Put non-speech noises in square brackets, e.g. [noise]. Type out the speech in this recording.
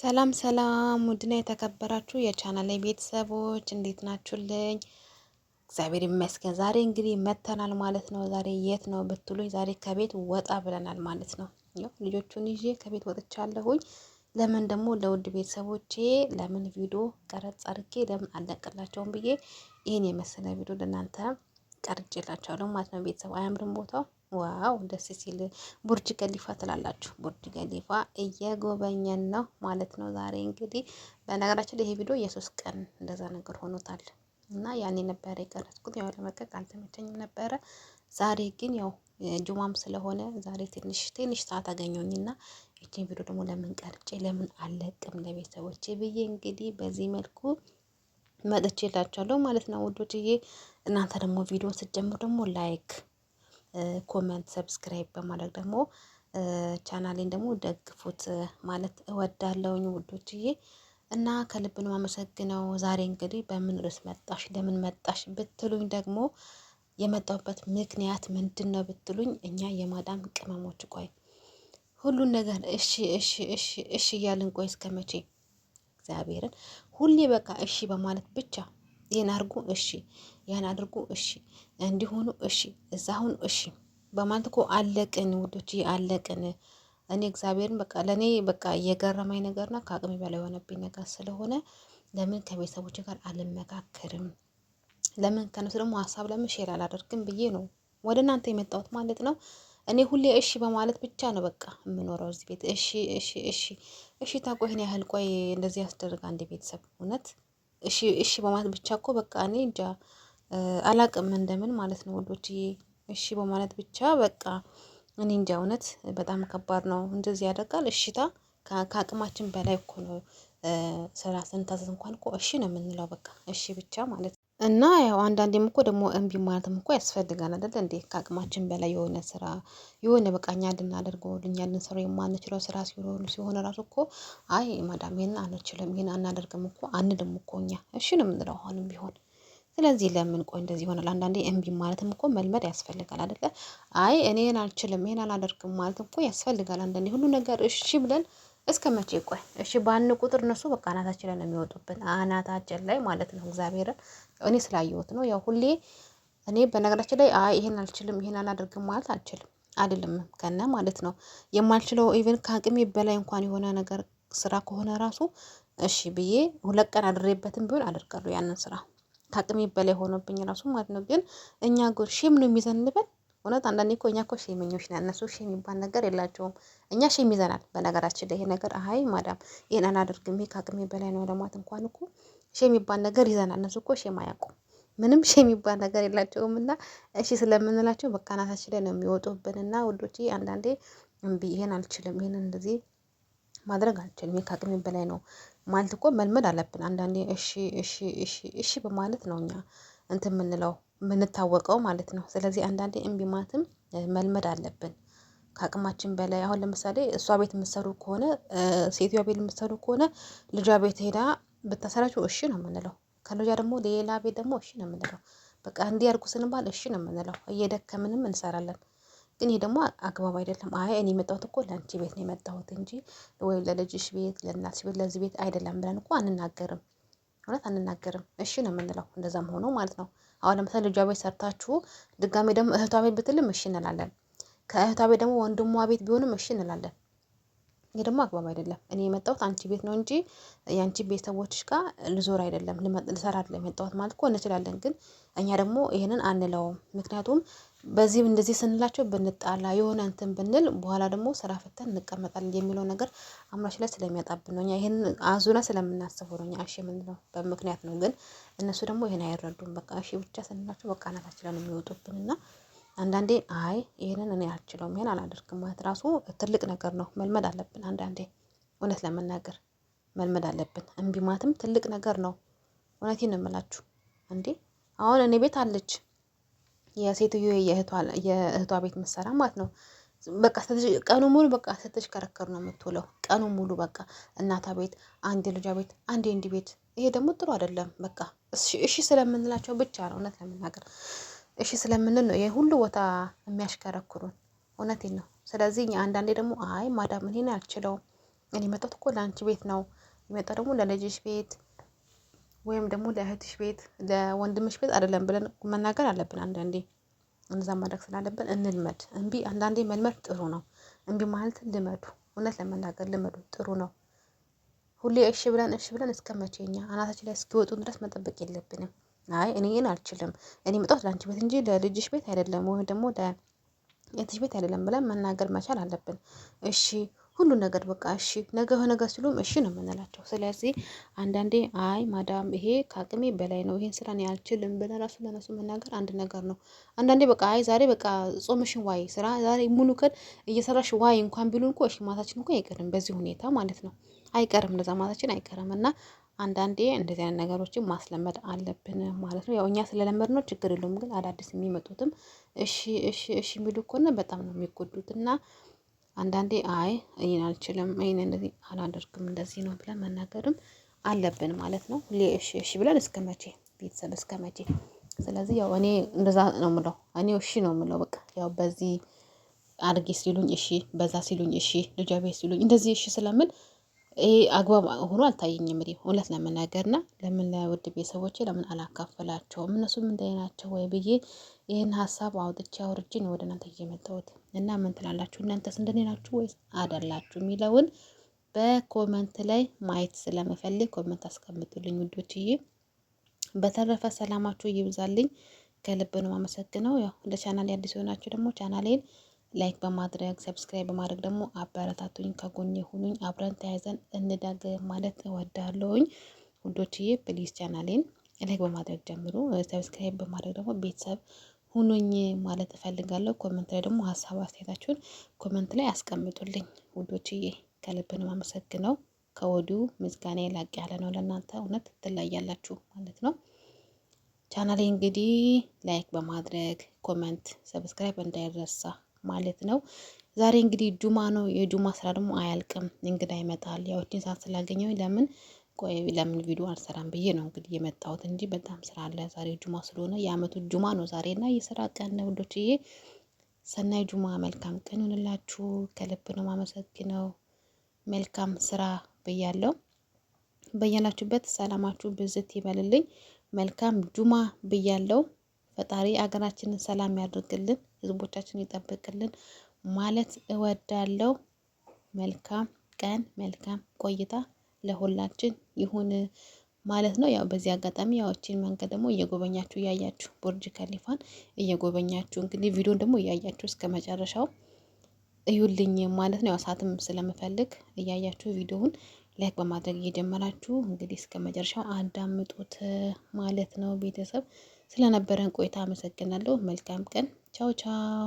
ሰላም ሰላም ውድና የተከበራችሁ የቻናል ቤተሰቦች እንዴት ናችሁልኝ? እግዚአብሔር ይመስገን። ዛሬ እንግዲህ መተናል ማለት ነው። ዛሬ የት ነው ብትሉኝ፣ ዛሬ ከቤት ወጣ ብለናል ማለት ነው። ያው ልጆቹን ይዤ ከቤት ወጥቻለሁኝ። ለምን ደግሞ ለውድ ቤተሰቦቼ ለምን ቪዲዮ ቀረጽ አድርጌ ለምን አለቅላቸውም ብዬ ይህን የመሰለ ቪዲዮ ለእናንተ ቀርጬላቸዋለሁ ማለት ነው። ቤተሰብ አያምርም ቦታው ዋው ደስ ሲል ቡርጅ ከሊፋ ትላላችሁ። ቡርጅ ከሊፋ እየጎበኘን ነው ማለት ነው። ዛሬ እንግዲህ በነገራችን ይሄ ቪዲዮ የሶስት ቀን እንደዛ ነገር ሆኖታል እና ያኔ ነበረ የቀረጽኩት ያው ለመቀቅ አልተመቸኝም ነበረ። ዛሬ ግን ያው ጁማም ስለሆነ ዛሬ ትንሽ ትንሽ ሰዓት አገኘሁኝና ይችን ቪዲዮ ደግሞ ለምን ቀርጬ ለምን አለቅም ለቤተሰቦች ብዬ እንግዲህ በዚህ መልኩ መጥቼላችኋለሁ ማለት ነው ውዶችዬ። እናንተ ደግሞ ቪዲዮ ስትጀምሩ ደግሞ ላይክ ኮመንት፣ ሰብስክራይብ በማድረግ ደግሞ ቻናሌን ደግሞ ደግፉት ማለት እወዳለሁኝ ውዶችዬ እና ከልብ ነው አመሰግነው። ዛሬ እንግዲህ በምን ርዕስ መጣሽ ለምን መጣሽ ብትሉኝ ደግሞ የመጣሁበት ምክንያት ምንድን ነው ብትሉኝ እኛ የማዳም ቅመሞች ቆይ ሁሉን ነገር እሺ እሺ እሺ እሺ እያልን ቆይ እስከ መቼ እግዚአብሔርን ሁሌ በቃ እሺ በማለት ብቻ ይህን አድርጉ እሺ፣ ያን አድርጉ እሺ፣ እንዲሆኑ እሺ፣ እዛ ሁኑ እሺ በማለት እኮ አለቅን ውዶች፣ አለቅን። እኔ እግዚአብሔርን በቃ ለእኔ በቃ የገረማኝ ነገርና ከአቅሜ በላይ የሆነብኝ ነገር ስለሆነ ለምን ከቤተሰቦች ጋር አልመካከርም፣ ለምን ከነሱ ደግሞ ሀሳብ ለምን ሼር አላደርግም ብዬ ነው ወደ እናንተ የመጣሁት ማለት ነው። እኔ ሁሌ እሺ በማለት ብቻ ነው በቃ የምኖረው እዚህ ቤት። እሺ እሺ እሺ እሺ። ታቆይን ያህል ቆይ እንደዚህ ያስደርጋ አንድ ቤተሰብ እውነት እሺ በማለት ብቻ እኮ በቃ እኔ እንጃ አላቅም እንደምን ማለት ነው ወዶቼ እሺ በማለት ብቻ በቃ እኔ እንጃ እውነት በጣም ከባድ ነው። እንደዚህ ያደርጋል እሽታ ከአቅማችን በላይ እኮ ነው። ስራ ስንታዘዝ እንኳን እኮ እሺ ነው የምንለው በቃ እሺ ብቻ ማለት ነው እና ያው አንዳንዴም እኮ ደግሞ እምቢ ማለትም እኮ ያስፈልጋል አይደል እንዴ? ከአቅማችን በላይ የሆነ ስራ የሆነ በቃ እኛ ልናደርገው እኛ ልንሰራው የማንችለው ስራ ሲሆን ሲሆን ራሱ እኮ አይ ማዳም ይህን አንችልም ይህን አናደርግም እኮ አንልም እኮ እኛ እሺ ነው የምንለው አሁንም ቢሆን። ስለዚህ ለምን ቆይ እንደዚህ ይሆናል አንዳንዴ እምቢ ማለትም እኮ መልመድ ያስፈልጋል አይደለ? አይ እኔን አልችልም ይህን አላደርግም ማለት እኮ ያስፈልጋል አንዳንዴ ሁሉ ነገር እሺ ብለን እስከ መቼ ቆይ? እሺ በአንድ ቁጥር እነሱ በቃ አናታችን ላይ ነው የሚወጡብን፣ አናታችን ላይ ማለት ነው። እግዚአብሔር እኔ ስላየሁት ነው። ያው ሁሌ እኔ በነገራችን ላይ አይ ይሄን አልችልም ይሄን አላደርግም ማለት አልችልም አይደለም ከነ ማለት ነው የማልችለው ኢቨን ከአቅሜ በላይ እንኳን የሆነ ነገር ስራ ከሆነ ራሱ እሺ ብዬ ሁለት ቀን አድሬበትም ቢሆን አደርጋለሁ ያንን ስራ ከአቅሜ በላይ ሆኖብኝ ራሱ ማለት ነው። ግን እኛ ጎር ሺም ነው የሚዘንበን እውነት አንዳንዴ እኮ እኛ እኮ ሼመኞች ነን። እነሱ ሼም የሚባል ነገር የላቸውም። እኛ ሼም ይዘናል። በነገራችን ላይ ይሄ ነገር አይ ማዳም ይሄን አላደርግም ከአቅሜ በላይ ነው ለማት እንኳን እኮ ሼም የሚባል ነገር ይዘናል። እነሱ እኮ ሼም አያውቁም። ምንም [laughs] ሼም የሚባል ነገር የላቸውም። እና እሺ ስለምንላቸው በቃ ናታችን ላይ ነው የሚወጡብን። እና ውዶች አንዳንዴ እምቢ ይሄን አልችልም፣ ይሄን እንደዚህ ማድረግ አልችልም፣ ይሄ ከአቅሜ በላይ ነው ማለት እኮ መልመድ አለብን። አንዳንዴ እሺ እሺ እሺ እሺ በማለት ነው እኛ እንትን የምንለው የምንታወቀው ማለት ነው። ስለዚህ አንዳንዴ እምቢ ማለትም መልመድ አለብን። ከአቅማችን በላይ አሁን ለምሳሌ እሷ ቤት የምትሰሩ ከሆነ ሴትዮዋ ቤት የምትሰሩ ከሆነ ልጇ ቤት ሄዳ ብታሰራችሁ እሺ ነው የምንለው ከልጇ ደግሞ ሌላ ቤት ደግሞ እሺ ነው የምንለው በቃ እንዲህ ስንባል እሺ ነው የምንለው እየደከምንም እንሰራለን። ግን ይሄ ደግሞ አግባብ አይደለም። አይ እኔ የመጣሁት እኮ ለአንቺ ቤት ነው የመጣሁት እንጂ ወይም ለልጅሽ ቤት ለእናትሽ ቤት ለዚህ ቤት አይደለም ብለን እኮ አንናገርም እውነት አንናገርም፣ እሺ ነው የምንለው። እንደዛም ሆኖ ማለት ነው። አሁን ለምሳሌ ልጇ ቤት ሰርታችሁ ድጋሜ ደግሞ እህቷ ቤት ብትልም እሺ እንላለን። ከእህቷ ቤት ደግሞ ወንድሟ ቤት ቢሆንም እሺ እንላለን። ይህ ደግሞ አግባብ አይደለም። እኔ የመጣሁት አንቺ ቤት ነው እንጂ የአንቺ ቤተሰቦች ጋር ልዞር አይደለም፣ ልሰራ አይደለም የመጣሁት ማለት እኮ እንችላለን። ግን እኛ ደግሞ ይህንን አንለውም፣ ምክንያቱም በዚህም እንደዚህ ስንላቸው ብንጣላ የሆነ እንትን ብንል በኋላ ደግሞ ስራ ፍተን እንቀመጣለን የሚለው ነገር አምራች ላይ ስለሚያጣብን ነው። እኛ ይህን አዙና ስለምናስበው ነው። እኛ እሺ የምንለው በምክንያት ነው። ግን እነሱ ደግሞ ይህን አይረዱም። በቃ እሺ ብቻ ስንላቸው በቃ ነው የሚወጡብን እና አንዳንዴ አይ ይህንን እኔ አልችለውም ይህን አላደርግም ማለት ራሱ ትልቅ ነገር ነው። መልመድ አለብን። አንዳንዴ እውነት ለመናገር መልመድ አለብን። እምቢ ማለትም ትልቅ ነገር ነው። እውነቴን ነው የምላችሁ እንዴ አሁን እኔ ቤት አለች የሴትዮ የእህቷ ቤት ምሰራ ማለት ነው። በቃ ቀኑ ሙሉ በቃ ስትሽከረከር ነው የምትውለው። ቀኑ ሙሉ በቃ እናቷ ቤት፣ አንድ ልጇ ቤት፣ አንድ እንዲህ ቤት። ይሄ ደግሞ ጥሩ አይደለም። በቃ እሺ ስለምንላቸው ብቻ ነው እውነት ለመናገር እሺ ስለምንል ነው ይሄ ሁሉ ቦታ የሚያሽከረክሩን። እውነቴን ነው። ስለዚህ አንዳንዴ ደግሞ አይ ማዳም እኔን አልችለውም እኔ የመጣሁት እኮ ለአንቺ ቤት ነው የመጣ ደግሞ ለልጅሽ ቤት ወይም ደግሞ ለእህትሽ ቤት ለወንድምሽ ቤት አይደለም ብለን መናገር አለብን። አንዳንዴ እንዛ ማድረግ ስላለብን እንልመድ። እምቢ አንዳንዴ መልመድ ጥሩ ነው። እምቢ ማለት ልመዱ። እውነት ለመናገር ልመዱ፣ ጥሩ ነው። ሁሌ እሺ ብለን እሺ ብለን እስከ መቼኛ አናታችን ላይ እስኪወጡ ድረስ መጠበቅ የለብንም። አይ እኔን አልችልም፣ እኔ መጣሁት ለአንቺ ቤት እንጂ ለልጅሽ ቤት አይደለም፣ ወይም ደግሞ ለእህትሽ ቤት አይደለም ብለን መናገር መቻል አለብን። እሺ ሁሉ ነገር በቃ እሺ ነገ ነገ ሲሉም እሺ ነው የምንላቸው። ስለዚህ አንዳንዴ አይ ማዳም ይሄ ከአቅሜ በላይ ነው ይሄን ስራ እኔ አልችልም ብለን ራሱ ለነሱ መናገር አንድ ነገር ነው። አንዳንዴ በቃ አይ ዛሬ በቃ ጾምሽን ዋይ ስራ ዛሬ ሙሉ ቀን እየሰራሽ ዋይ እንኳን ቢሉ እንኳ እሺ ማታችን እንኳ አይቀርም በዚህ ሁኔታ ማለት ነው አይቀርም እንደዛ ማታችን አይቀርም እና አንዳንዴ እንደዚህ አይነት ነገሮችን ማስለመድ አለብን ማለት ነው። ያው እኛ ስለለመድ ነው ችግር የለውም። ግን አዳዲስ የሚመጡትም እሺ እሺ እሺ የሚሉ ከሆነ በጣም ነው የሚጎዱት እና አንዳንዴ አይ ይህን አልችልም፣ ይህን እንደዚህ አላደርግም፣ እንደዚህ ነው ብለን መናገርም አለብን ማለት ነው። ሁሌ እሺ እሺ ብለን እስከ መቼ ቤተሰብ እስከ መቼ? ስለዚህ ያው እኔ እንደዛ ነው ምለው፣ እኔ እሺ ነው ምለው። በቃ ያው በዚህ አድርጌ ሲሉኝ እሺ፣ በዛ ሲሉኝ እሺ፣ ልጃ ቤት ሲሉኝ እንደዚህ እሺ ስለምን ይሄ አግባብ ሆኖ አልታየኝም። እኔ እውነት ለመናገርና ለምን ለውድ ቤተሰቦቼ ለምን አላካፈላቸውም እነሱም እንደኔ ናቸው ወይ ብዬ ይህን ሀሳብ አውጥቼ አውርጄ ነው ወደ እናንተ እየመጣሁት እና ምን ትላላችሁ? እናንተስ እንደኔ ናችሁ ወይስ አደላችሁ የሚለውን በኮመንት ላይ ማየት ስለምፈልግ ኮመንት አስቀምጡልኝ ውዶችዬ። በተረፈ ሰላማችሁ ይብዛልኝ። ከልብ ነው የማመሰግነው። ያው ለቻናሌ አዲስ የሆናችሁ ደግሞ ቻናሌን ላይክ በማድረግ ሰብስክራይብ በማድረግ ደግሞ አበረታቱኝ፣ ከጎን ሁኑኝ፣ አብረን ተያይዘን እንዳገ ማለት እወዳለሁኝ ውዶችዬ። ፕሊዝ ቻናሌን ላይክ በማድረግ ጀምሩ፣ ሰብስክራይብ በማድረግ ደግሞ ቤተሰብ ሁኖኝ ማለት እፈልጋለሁ። ኮመንት ላይ ደግሞ ሀሳብ አስተያየታችሁን ኮመንት ላይ አስቀምጡልኝ ውዶችዬ ከልብ ነው የማመሰግነው። ከወዲሁ ምስጋናዬ ላቅ ያለ ነው ለእናንተ እውነት ትለያላችሁ ማለት ነው። ቻናሌ እንግዲህ ላይክ በማድረግ ኮመንት ሰብስክራይብ እንዳይረሳ ማለት ነው። ዛሬ እንግዲህ ጁማ ነው የጁማ ስራ ደግሞ አያልቅም እንግዳ ይመጣል ያዎችን ሰዓት ለምን ቆይ ለምን ቪዲዮ አልሰራም ብዬ ነው እንግዲህ የመጣሁት እንጂ በጣም ስራ አለ። ዛሬ ጁማ ስለሆነ የአመቱ ጁማ ነው ዛሬ እና የስራ ቀን ነው ውዶችዬ። ሰናይ ጁማ፣ መልካም ቀን ይሆንላችሁ። ከልብ ነው ማመሰግነው። መልካም ስራ ብያለው። በያላችሁበት ሰላማችሁ ብዝት ይበልልኝ። መልካም ጁማ ብያለው። ፈጣሪ አገራችንን ሰላም ያድርግልን፣ ህዝቦቻችን ይጠብቅልን ማለት እወዳለው መልካም ቀን፣ መልካም ቆይታ ለሁላችን ይሁን ማለት ነው። ያው በዚህ አጋጣሚ ያዎችን መንገድ ደግሞ እየጎበኛችሁ እያያችሁ ቡርጅ ከሊፋን እየጎበኛችሁ እንግዲህ ቪዲዮን ደግሞ እያያችሁ እስከ መጨረሻው እዩልኝ ማለት ነው። ያው ሰዓትም ስለምፈልግ እያያችሁ ቪዲዮውን ላይክ በማድረግ እየጀመራችሁ እንግዲህ እስከመጨረሻው አዳምጡት ማለት ነው። ቤተሰብ ስለነበረን ቆይታ አመሰግናለሁ። መልካም ቀን። ቻው ቻው